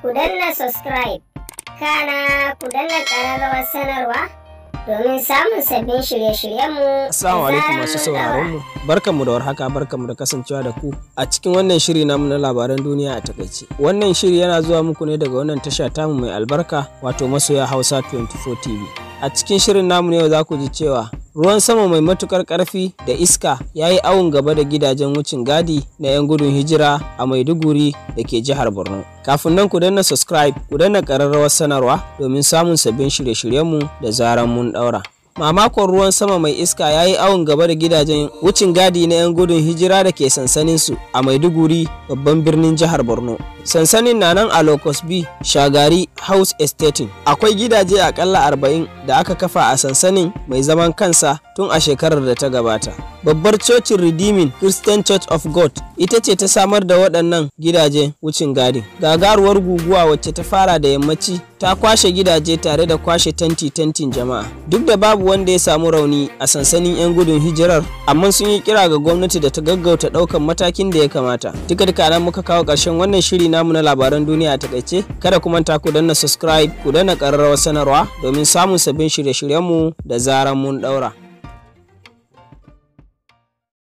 ku subscribe kana ku danna sanarwa domin samun sabbin shirye-shiryenmu Assalamu alaikum masu sauraronmu barkanmu da warhaka barka mu da kasancewa da ku a cikin wannan shiri namu na labaran duniya a takaice wannan shiri yana zuwa muku ne daga wannan tasha tamu mai albarka wato masoya Hausa 24 TV a cikin shirin namu yau za ku ji cewa ruwan sama mai matukar karfi da iska ya yi awon gaba da gidajen wucin gadi na 'yan gudun hijira a maiduguri da ke jihar borno kafin nan ku danna subscribe ku danna kararrawar sanarwa domin samun sabbin shirye-shiryenmu da zaran mun daura mamakon ruwan sama mai iska ya yi awon gaba da gidajen wucin gadi na 'yan gudun hijira da ke sansaninsu a maiduguri babban birnin jihar borno sansanin na nan a locust b shagari house estate akwai gidaje akalla arba'in da aka kafa a sansanin mai zaman kansa tun a shekarar da ta gabata babbar cocin redeeming christian church of god ita ce ta samar da waɗannan gidajen wucin gadi gagaruwar guguwa wacce ta fara da yammaci ta kwashe gidaje tare da kwashe tanti-tantin jama'a duk da babu wanda ya samu rauni a sansanin 'yan gudun hijirar amma sun yi kira ga gwamnati da ta gaggauta ɗaukar matakin da ya kamata duka duka nan muka kawo ƙarshen wannan shiri namu na labaran duniya a takaice kada ku manta ku danna subscribe ku danna ƙararrawar sanarwa domin samun sabbin shirye-shiryenmu da zaran mun ɗaura